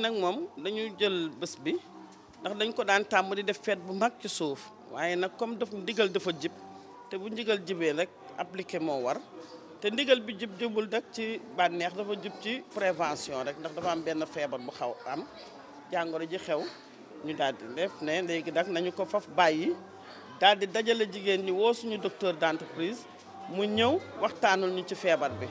nag moom dañu jël bés bi ndax dañ ko daan tàmm di def feet bu mag ci suuf waaye nag comme daf ndigal dafa jib te bu ndigal jibee rek appliqué moo war te ndigal bi jib jibul nag ci bànneex dafa jib ci prévention rek ndax dafa am benn feebar bu xaw am jàngoro ji xew ñu daal di ne léegi nag nañu ko faf bàyyi daal di dajale jigéen ñi woo suñu docteur d'entreprise mu ñëw waxtaanul ñu ci feebar bi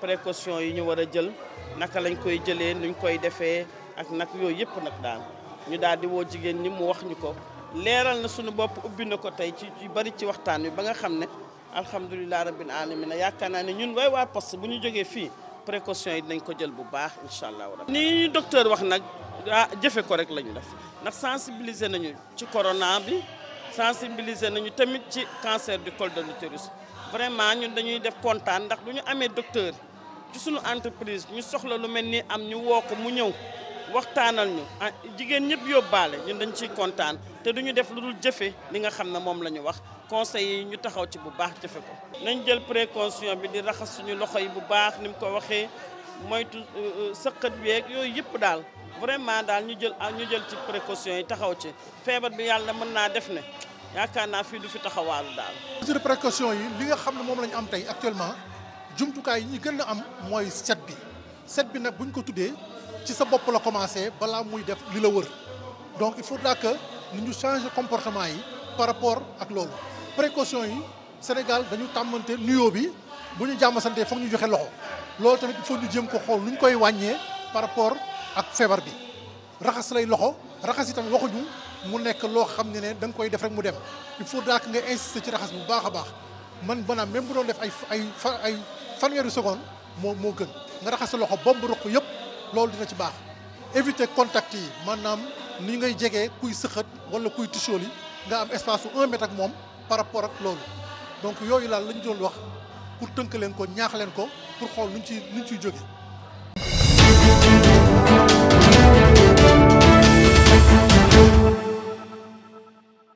précaution yi ñu war a jël naka lañ koy jëlee nuñ koy defee ak nag yooyu yëpp nag daal ñu daal di woo jigéen ñi mu wax ñu ko leeral na suñu bopp ubbi na ko tey ci bari ci waxtaan wi ba nga xam ne alhamdulilah rabbil alamina yaakaar naa ne ñun way waa poste bu ñu jógee fii précaution yi dinañ ko jël bu baax incha allah. ni docteur wax nag ah jëfe ko rek la ñu def ndax sensibiliser nañu ci corona bi sensibiliser nañu tamit ci cancer du col de l'utérus vraiment ñun dañuy def kontaan ndax du ñu amee docteur ci suñu entreprise ñu soxla lu mel ni am ñu ko mu ñëw. waxtaanal ñu ah, jigéen ñëpp yóbbaale ñun dañ ciy kontaan te duñu def lu dul jëfe li nga xam ne moom la ñu wax conseil yi ñu taxaw ci bu baax jëfe ko nañ jël précaution bi di raxas suñu loxo yi bu baax ni mu ko waxee moytu euh, euh, sëqat beeg yooyu yëpp daal vraiment daal ñu jël ak ah, ñu jël ci précaution yi taxaw ci feebar bi yàlla mën naa def ne yaakaar naa fii du fi taxawaalu daal mesure précaution yi li nga xam ne moom lañu am tey actuellement jumtukaay yi ñu gën am mooy set bi set bi nag buñ ko tuddee ci sa bopp la commencé balaa muy def li la wër donc il faut que nu ñu changer comportement yi par rapport ak loolu précaution yi Sénégal dañu tàmmante nuyoo bi bu ñu jàmm sante foog ñu joxe loxo loolu tamit il faut ñu ko xool nu ñu koy wàññee par rapport ak feebar bi raxas lay loxo raxas yi tamit waxuñu mu nekk loo xam ne ne da nga koy def mu dem il faudra que nga insister ci raxas bu baax a baax man maanaam même bu doon def ay ay ay fanweeri seconde moo moo gën nga raxas sa loxo bomb ruq yëpp loolu dina ci baax éviter contact yi maanaam ni ngay jege kuy sëqat wala kuy tisool yi nga am espace su un mètre ak moom par rapport ak loolu donc yooyu laal lañu doon wax pour tënk leen ko ñaax leen ko pour xool nuñ ci nuñ ciy jóge